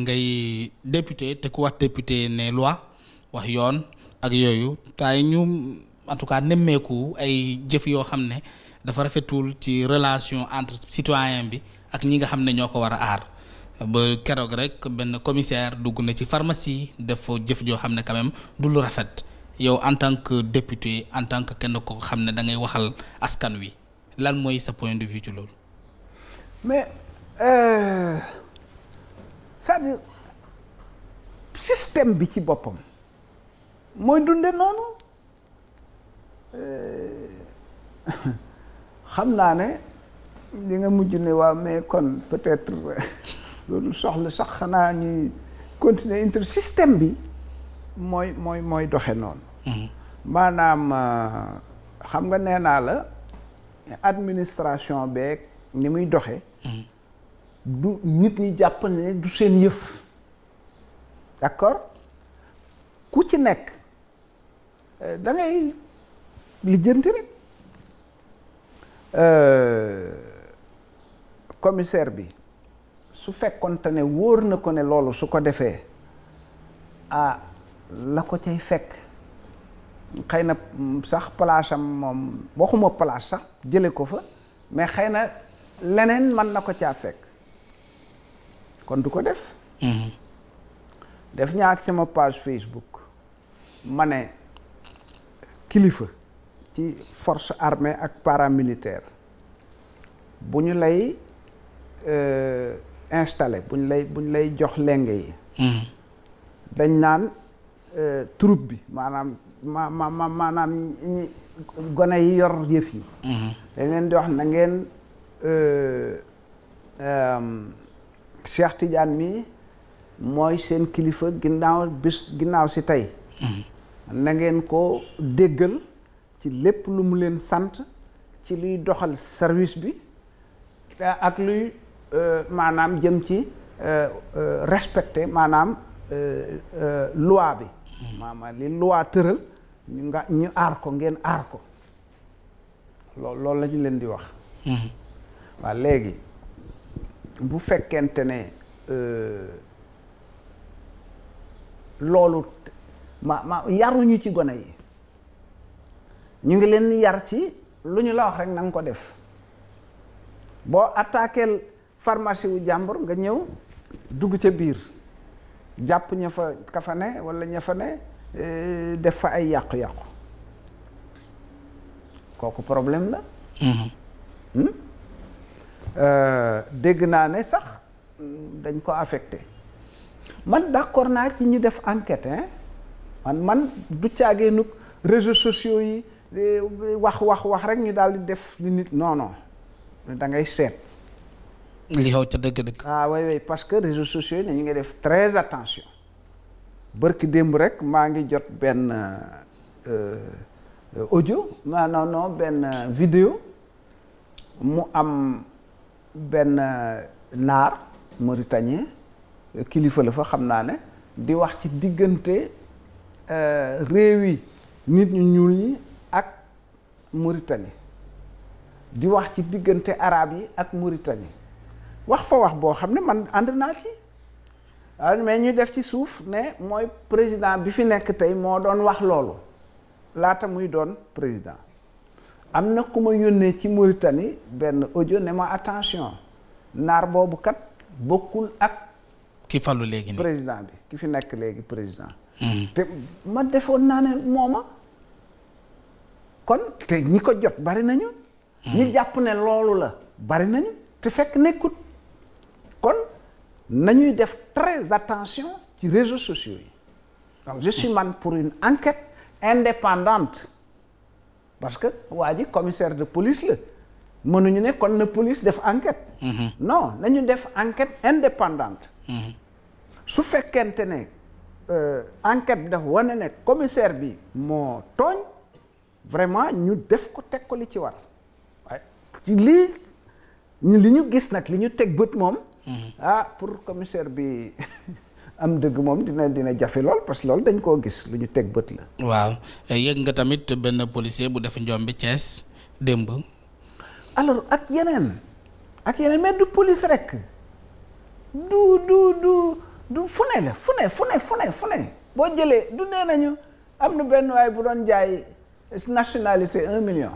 ngay député te ku wax député ne loi wax yoon ak yooyu taay ñu en tout cas nemmeeku ay jëf yoo xam ne dafa rafetul ci relation entre citoyen bi ak ñi nga xam ne ñoo ko war a aar ba keroog rek benn commissaire dugg na ci pharmacie def foo jëf joo xam ne quand même rafet yow en tant que député en tant que kenn ko xam ne da ngay waxal askan wi lan mooy sa point de vue ci loolu. mais euh, cest système bi ci boppam mooy dunde noonu euh, xam naa ne li nga mujj ne waaw mais kon peut-être loolu soxla sax xanaa ñuy continuer inter système bi. mooy mooy mooy doxe noonu mhm. maanaam euh, xam nga nee naa la administration beek ni muy doxe mhm. du nit ñi jàpp ne du seen yëf d'accord ku ci nekk euh, da ngay lijjanti rek euh, commissaire bi su fekkonte ne wóor na ko ne loolu su ko defee ah la ko cay fekk xëy na sax place am moom waxuma place sax jële ko fa mais xëy na leneen man na ko caa fekk kon du ko def mhm. def ñaar sama page Facebook mane kilifa ci force armée ak paramilitaire bu ñu lay euh, installé bu ñu lay bu lay jox lenge yi mhm. dañ naan Euh, troupe bi maanaam ma maanaam gone yi yor yëf yi mhm. dañ leen di wax na ngeen euh, euh, Cheikh Tidiane mi mooy seen kilifa ginnaaw bis ginnaaw si tey mhm. na ngeen ko déggal ci lépp lu mu leen sant ci luy doxal service bi te ak luy maanaam jëm ci respecter maanaam loi bi maanaam li loi tëral ñu nga ñu aar ko ngeen aar ko lool loolu la leen di wax mhm. waa léegi bu fekkente ne euh, loolu ma ma yaruñu ci gone yi ñu ngi leen yar ci lu ñu la wax rek na ko def boo attaqué pharmacie wu jàmbur nga ñëw dugg ca biir jàpp ña fa ka fa ne ña fa ne eh, def fa ay yàqu-yàqu kooku problème la. Mhm. Hmm? Euh, dégg naa ne sax dañ ko affecté man d'accord naa ci ñu def enquête hein man man du nu réseaux sociaux yi eh, wax wax wax rek ñu daal di def nit non non da ngay seet. li xew ca dëgg-dëgg. ah oui parce que réseaux sociaux yi ñu ngi def très attention barki démb rek maa ngi jot benn euh, euh, audio. non non benn vidéo mu am benn euh, naar mauritanien kilifa la fa xam naa ne di wax ci diggante réew yi nit ñu ñuul yi ak Mauritanie di wax ci diggante arab yi ak Mauritanie. wax fa wax boo xam ne man ànd naa ci waaw mais ñu def ci suuf ne mooy président bi fi nekk tey moo doon wax loolu laata muy doon président am na ku ma yónnee ci Mauritanie benn audio ne ma attention naar boobu kat bokkul ak. ki falu léegi nii président bi ki fi nekk léegi président. Hmm. te ma defoon naa ne mooma. kon te ñi ko jot bari nañu. Hmm. ñi jàpp ne loolu la bari nañu te fekk nekkut. na ñuy def très attention ci réseaux sociaux yi donc man pour une enquête indépendante parce que waa ji commissaire de police la mënuñu ne kon na police def enquête mhm. non nañu def enquête indépendante mhm. su fekkente ne euh, enquête bi dafa wane ne commissaire bi moo tooñ vraiment ñu def ko teg ko li ci war ci lii ñu li ñu gis nag li ñu teg bët moom. Mhm. ah pour commissaire bi am dëgg moom dina dina jafe lool parce que loolu dañ koo gis lu ñu teg bët la. waaw yëg nga tamit benn policier bu def njombe Thiès démb. alors ak yeneen ak yeneen mais du police rek du du du du fu la fu ne fu ne boo jëlee du nañu am na benn waay bu doon jaay nationalité un million.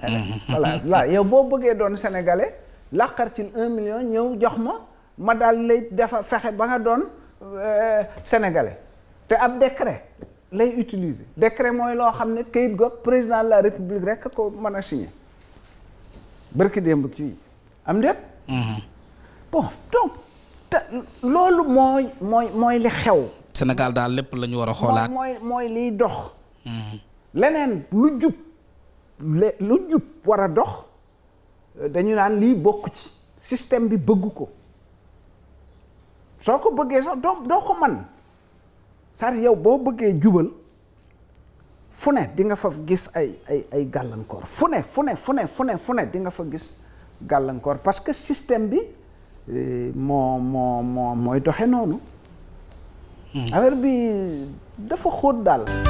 Mhm. voilà yow boo bëggee doon sénégalais. làqar ci un million ñëw jox ma ma daal lay dafa fexe ba nga doon euh, sénégalais te ab décret lay utiliser décret mooy loo xam ne kayit go président de la république rek ko mën a signé bërki démb kii am déet mm-hmm. bon donc te loolu mooy mooy li xew Sénégal daal lépp la ñu war a xoolaat mooy mooy liy dox mm-hmm. leneen lu jub lu jub war a dox dañu naan lii bokk ci système bi bëgg ko soo ko bëggee sax doo doo ko man cest yow boo bëggee jubal fu ne dinga fa gis ay ay ay gàllankoor fu ne fu ne fu ne fu ne fu ne di nga fa gis gàllankoor parce que système bi eh, moo moo moo mooy doxe noonu hmm. affaire bi dafa xóot daal